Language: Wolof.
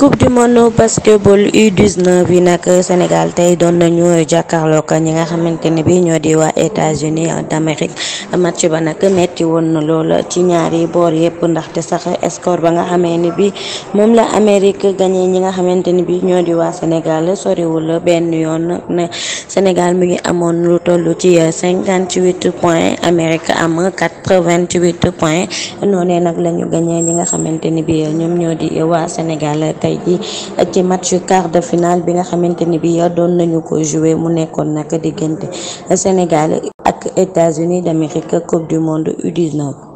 coupe du monde basketball U19 bi nag Sénégal tey doon nañu jàkkaarloog ñi nga xamante ne bi ñoo di waa États-Unis d'Amérique match ba nag metti woon na lool ci ñaari boor yëpp ndaxte sax score ba nga xamee ni bi moom la Amérique gagné ñi nga xamante ni bi ñoo di waa Sénégal soriwul benn yoon Sénégal mu ngi amoon lu toll ci 58 euh, points Amérique am 88 points noonee nag gagné, ñu gañee ñi nga xamante ni bi euh, ñoom ñoo di euh, Sénégal tey ji ci match quart de finale bi nga xamante ni bi doon nañu ko jouer mu nekkoon nak digënté Sénégal ak États-Unis d'Amérique Coupe du monde U19